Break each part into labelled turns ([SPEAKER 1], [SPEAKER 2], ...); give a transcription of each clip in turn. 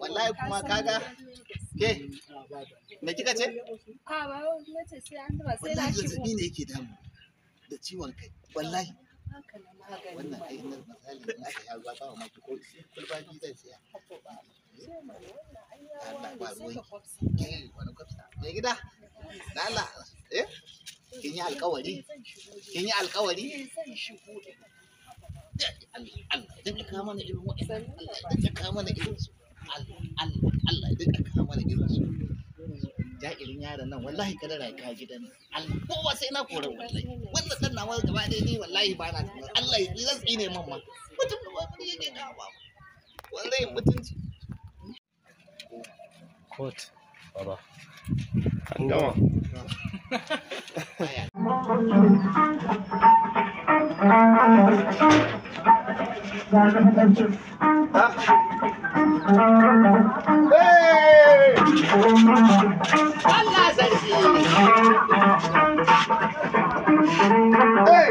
[SPEAKER 1] wallahi kuma kaga ke me kika ce a ba sai an sai ne yake damu da ciwon kai wallahi wannan misali ba ko kulbaji zai Allah ba ruwan ke wani kwafsa mai gida lala eh
[SPEAKER 2] kin yi alkawari
[SPEAKER 1] kin yi alkawari eh, idan ka mana irin wa'annan Allah ka mana irin su Allah idan ka mana irin su ja'irin yaron nan wallahi kada rai ka gidan Allah kowa sai na koran wallahi wannan dan nawa gaba ɗaya ni wallahi ba na tunan Allah ya zan tsine man ma mutum da wani yake dawa wallahi mutunci court baba an gama Thank you. Tá? Ei! Olha, Zezinho! Ei! Ei!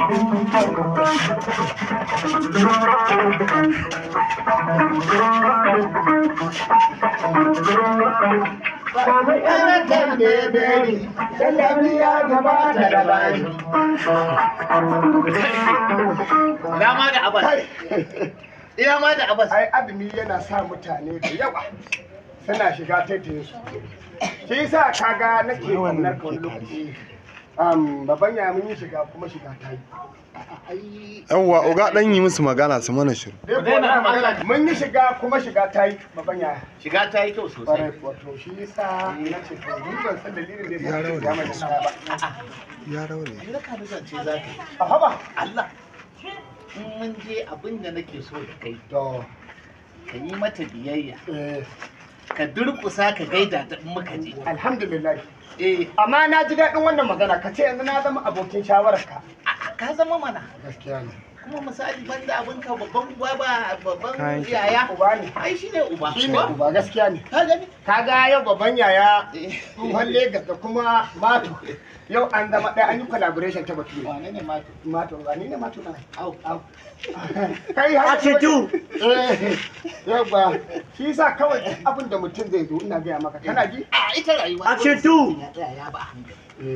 [SPEAKER 1] Babu da ya tallafi ya da ma da ma da Ai, azumi yana sa mutane da yawa suna shiga taitayensu. Shi sa kaga nake wannan kan lokaci. babban ya yawwa oga dan yi musu magana su mana shiru mun yi shiga kuma shiga ta yi babban shiga ta yi kyau sosai wato shi yasa na ce to ni ban san dalilin da ya rawa ya mai ba ya rawa ina ka zance zaka a haba Allah in mun je abin da nake so da kai to ka yi mata biyayya eh. ka durƙusa ka gaida da in muka je alhamdulillah eh amma na ji daɗin wannan magana ka ce yanzu na zama abokin shawararka ka zama mana gaskiya ne kuma misali banda abin ka babban uba ba babban yaya uba ne ai shine uba uba gaskiya ne ka gani ka ga yau babban yaya eh. tsohon Legas da kuma Mato yau an zama ɗaya an yi collaboration ta bature wane ne Mato Mato wane ne Mato na au au kai har ce tu eh yauwa shi yasa kawai abin da mutum zai zo ina gaya maka kana ji eh. a ah, ita rayuwa a ce eh. tu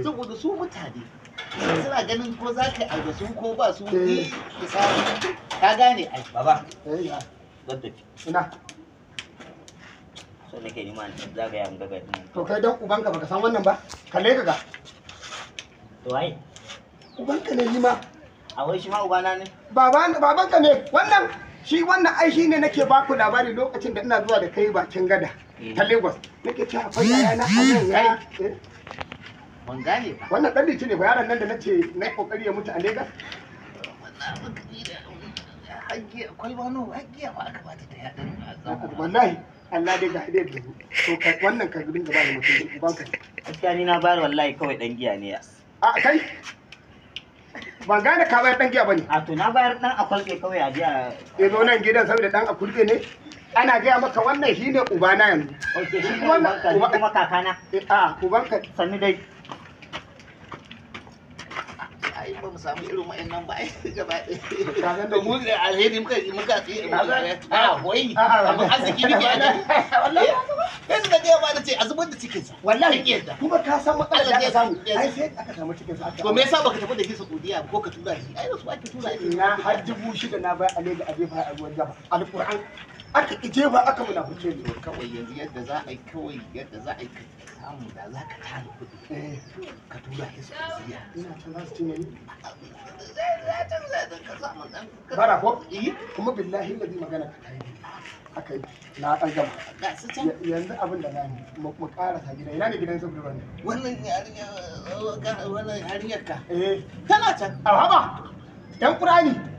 [SPEAKER 1] saboda su mutane suna ganin ko za ka yi da su ko ba su ne eh. ka gane ai baba don eh. tafi ina so nake nima zagaya mu gaga to kai dan ubanka baka san wannan ba kalle ka ga to ai ubanka ne nima a wai shi ma ubana ne baban babanka ne wannan shi wannan ai ne nake baku labari lokacin da ina zuwa da kai bakin gada ta eh. Lagos nake cewa fa na a nan ya Ban gane ba. Wannan ɗan lice ne ba yaron nan da na ce na kokari ya mutu a Legas? Haggiya akwai wani haggiya ba aka bata ta yaɗin. Wallahi Allah dai ga hadiyar da to wannan ka dinga ba da mutum ban ka. Gaskiya ni na bayar wallahi kawai ɗan giya ne ya. A kai ban gane ka bayar dan giya bane a to na bayar dan akwalke kawai a jiya eh zo nan gidan saboda dan akwalke ne ana gaya maka wannan shine ubana yanzu okay shi ne kuma kakana a ubanka sannu dai mu samu irin wa'annan ba ai gaba ɗaya alheri da ah, ah, ce a da wallahi matsalar da samu ai sai aka samu baka tafi da shi Saudiya ko ka tura shi ai ake tura shi har dubu shida na bai alheri a a ruwan aka ije ba aka munafuce ne kawai yanzu yadda za a yi kawai yadda za a yi samu da za ka tara kuɗi eh. ka tura ki su ziya ina ta za su ci ne bara ko kuma billahi ladhi magana ka kai akai na an gama yanzu abin da na zani mu karasa gida ina ne gidan sabri wannan wannan wannan yarinyar ka eh tana can a haba dan qur'ani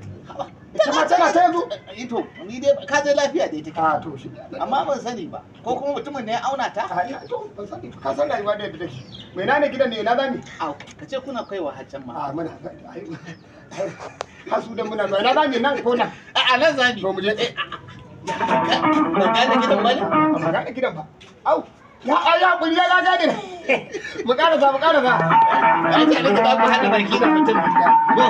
[SPEAKER 2] ita tana ta
[SPEAKER 1] yanzu ito ni dai ka je lafiya da ita ka to shi amma ban sani ba ko kuma mutumin ne ya auna ta a to ban sani ka san rayuwa da yadda take mai na ne gidan ne ina zamu au ka ce kuna kaiwa haccan ma a muna hasu da muna mai na zamu nan ko nan a a nan zamu to mu je ka ga gidan ba ne ba ga gidan ba au ya ai ya kuri ya gaga ne mu karasa mu karasa ya ce alaka da ku hada barki da mutum Allah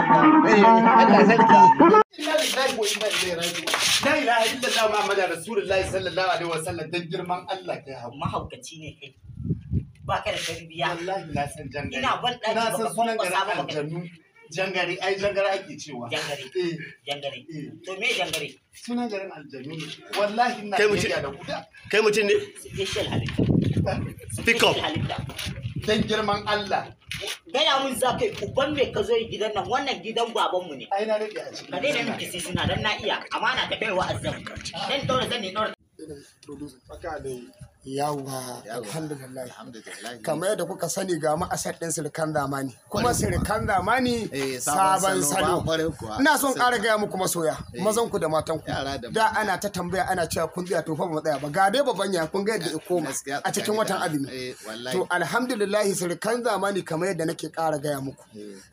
[SPEAKER 1] sarki La ilaha illallah Muhammadu Rasulullahi sallallahu alaihi wasallam dan girman Allah kai hawo mahaukaci ne kai ba ka da tarbiya wallahi na san ina ban daki ba ka san aljannu jangare ai jangare ake cewa jangare eh. jangare eh. to me jangare suna garin aljami wallahi na kai da kuda kai mutum ne special halitta pick up dan girman Allah gaya mun za kai uban me ka zo gidan nan wannan gidan mu ne ai na rike a ciki ka ne miki sai suna dan na iya amana ta wa azzam dan dole zan ne daura yawwa alhamdulillah kamar yadda kuka sani ga ma'asar ɗin sirikan zamani kuma sirikan zamani eh, sabon salo ina son ƙara gaya muku masoya eh. mazan ku da matan ku da ana ta tambaya ana cewa kun tsaya tofa ba tsaya ba ga dai babban ya kun ga yadda ya koma a cikin watan azumi eh, to alhamdulillah sirikan zamani kamar yadda nake ƙara gaya muku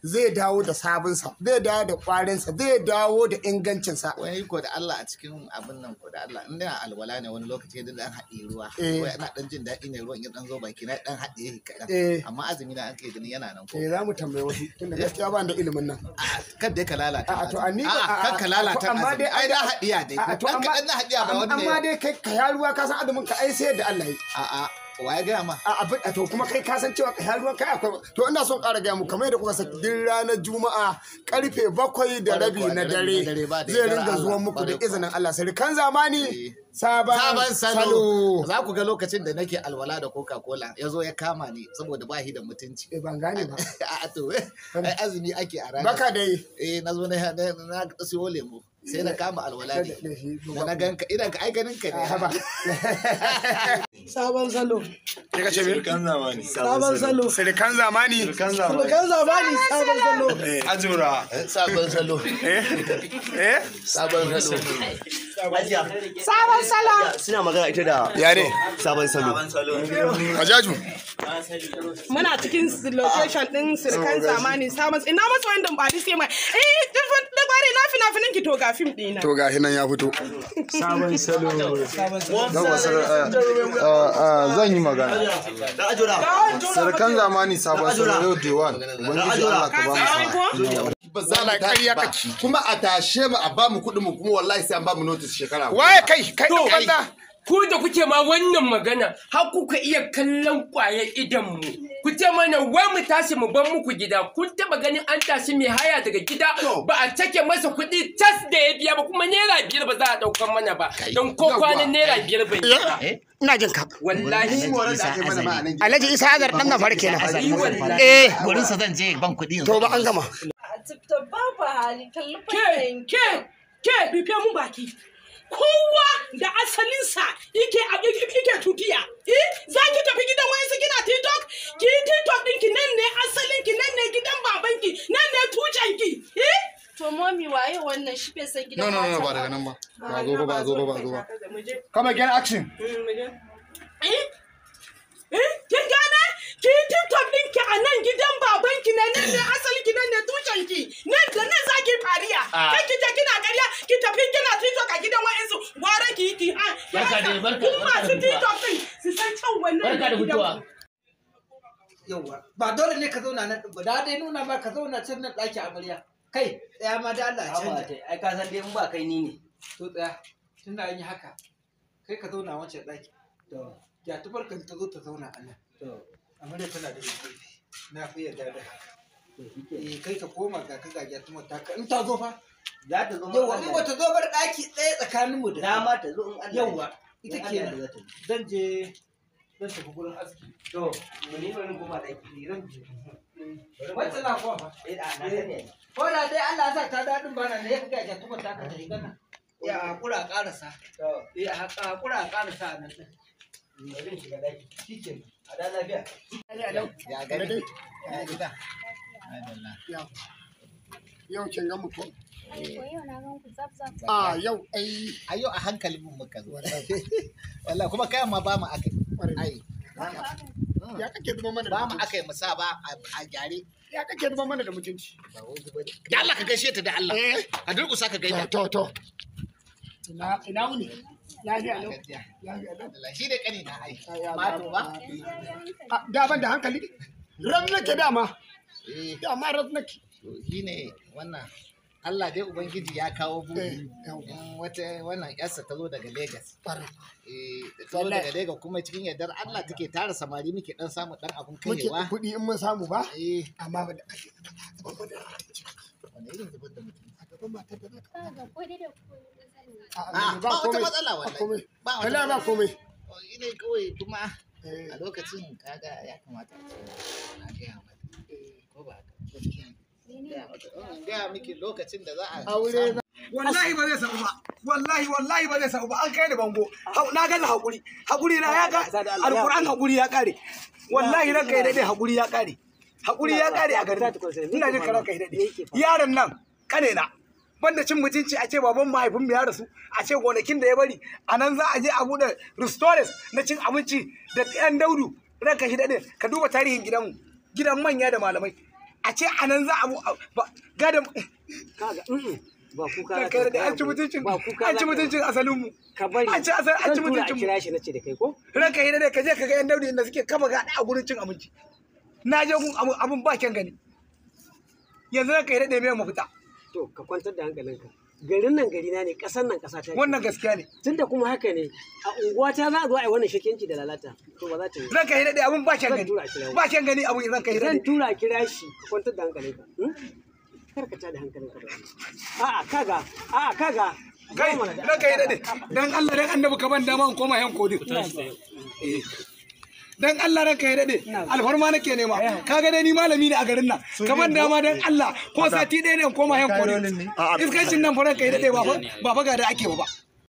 [SPEAKER 1] zai dawo da sa zai dawo da sa zai dawo da ingancinsa wai ko da Allah a cikin abin nan ko da Allah in da alwala ne wani lokaci da dan haɗi ruwa wai eh. ina dan jin daɗi ne ruwan ya dan zo baki na dan haɗe kaɗan eh. amma azumi na ake ganin yana nan ko eh za mu tambaye wasu tunda gaskiya ba da ilimin nan ah, kan dai ka lalata a to ani kan ka lalata amma dai ai na haɗiya dai to dan kaɗan na haɗiya ba wani amma dai kai ka yaruwa ka san azumin ka ai sai da Allah yi a'a wa ya gaya ma a abin to kuma kai ka san cewa ka ruwan kai akwai to ina son ƙara gaya mu kamar yadda kuka saki din ranar juma'a karfe bakwai da rabi na dare zai ringa zuwa muku da izinin Allah sai kan zamani eh, sabon salo za ku ga lokacin da nake alwala da coca cola ya zo ya kama ni saboda ba da mutunci eh ban gane ba a to azumi ake a ranar baka dai eh na zo na siyo lemu. sai na kama alwala ne da na ganka idan ka aikanin ka ne ah. haba sabon salo ka ce mir kan zamani sabon salo kan zamani kan zamani sabon salo eh, ajura eh, sabon salo eh eh sabon salo sabon salo suna magana ita da yare sabon salo ajaju muna cikin location din sirkan zamani sabon ina masu wanda ba sai mai eh Bari na fina fi ki to ga fim dina. To ga hinan ya fito. Sabon salo. a eh, eh, eh, zan yi magana. Sarkan zamani sabon salo yau day one. Ubangiji Allah ka ba mu sa'a. ba za mu kuma a tashe mu a ba mu kuɗin mu kuma wallahi sai an ba mu notice shekara. Waye kai kai kai banza. ku da kuke ma wannan magana har kuka iya kallon ƙwayar mu ku ce mana wai mu tashi mu bar muku gida kun taba ganin an tashi mai haya daga gida ba a take masa kuɗi tas da ya biya ba kuma naira biyar ba za a ɗaukar mana ba don ko kwanan naira biyar bai eh? ina jin ka wallahi alhaji isa azar dan gafar kenan eh gurin sa zan je ban kuɗi to ba an gama ke ke ke bibiya mun baki kowa da asalinsa yake yake tutiya eh za ki tafi gidan wayansu kina tiktok ki tiktok ɗinki nan ne asalinki nan ne gidan babanki nan ne tucenki eh to mami waye wannan shi bai san gidan no no no ba daga nan ba ba zo ba zo ba ba zo ba come again action mm, eh eh kin gane ki tiktok a nan gidan babanki ne nan ne asali gidan ne tushenki nan da nan za ki fariya ah. kai ki je kina ƙarya ki tafi kina tito ka gidan su gwara ki yi ki an ah, kun masu tiktok din su san can wannan gidan yauwa ba dole ne ka zauna nan ba da dai nuna ma ka zauna can nan ɗaki amarya kai tsaya ma da Allah canja ai ka san dai in ba kai ni ne to tsaya tun da an yi haka kai ka zauna wancan ɗaki to ya tubar ka ta zo ta zauna a nan to dai tana da gefe na fi yarda da haka eh kai ka koma ga ka gaja tuma ta ka in ta zo fa za ta zo yawa in bata zo bar daki ɗaya tsakanin mu da ma ta zo in Allah yawa ita ke kenan zan je zan tafi gurin aski to mu ne bari koma daki ne zan je wacce na kuwa fa eh na eh. sani ko da dai Allah ya sa ta dadin bana ne ka gaja tuma ta ka ta riga nan ya hakura karasa eh hakura karasa nan bari mu shiga daki shikenan da lafiya ya eh, yau kin ga mutum a ah, yau ai a yau a hankali mun muka zo wallahi kuma ma ba mu aka ai ya kake mana ba mu aka yi musa ba a gyare ya kake duba mana da mutunci da Allah ka gaishe ta da Allah eh. a durƙusa ka gaida to to ina ina wuni da ƙani Daban da hankali. Ran nake dama. Dama ran nake. Shi ne wannan Allah dai Ubangiji ya kawo buɗi wata wannan yarsa ta zo daga Legas. Ta zo daga Legas kuma cikin yardar Allah take tara samari muke dan samu dan abun kaiwa. Kuɗi in mun samu ba? Amma ba da Wani irin zubar da mutum. ba. da ba wata matsala wallahi ba wata ba komai oh, ina kawai kuma eh. a lokacin kaga ya kamata a ce na gaya mata ko ba oh, gaya miki lokacin da za a aure wallahi ba zai sabu ba wallahi wallahi ba zai sabu ba an kai ni bango na gaza hakuri hakuri na ya ga alquran hakuri ya kare
[SPEAKER 2] wallahi ranka ya dade hakuri
[SPEAKER 1] ya kare hakuri ya kare a garin ina jin karanka ya dade yaron nan kane na banda cin mutunci a ce baban mahaifin ya rasu a ce gonakin da ya bari a nan za a je a buɗe restores na cin abinci da ɗan daudu ranka shi daɗe ka duba tarihin gidanmu gidan manya da malamai a ce a nan za a bu gada ba kuka ka da an ci mutuncin an ci mu an ci asal an ci mutuncin mu kira nace da kai ranka hira da ka je ka ga yan daudi inda suke kafa gada a gurin cin abinci na je abun ba kyan gani yanzu ranka hira da me mafita to ka kwantar da hankalinka garin nan ne ƙasar nan ƙasa ta wannan gaskiya ne kuma haka ne a unguwa ta za a zo a yi wannan da lalata to ba za ta yi zan kai daɗe abun ba shan gani ba shan gani abun zan kai daɗe zan tura kira shi ka kwantar da hankalinka hmm? hankalinka da a'a kaga a'a kaga kai ranka yi daɗe dan Allah dan annabi ka ban dama in koma yan kodin dan Allah ranka ya dade alfarma nake nema eh. kaga dai ni malami ne a garin nan kamar da ma dan Allah ko sati ɗaya ne koma yan kore iskancin nan fa ranka dade ba ba ga da ake ba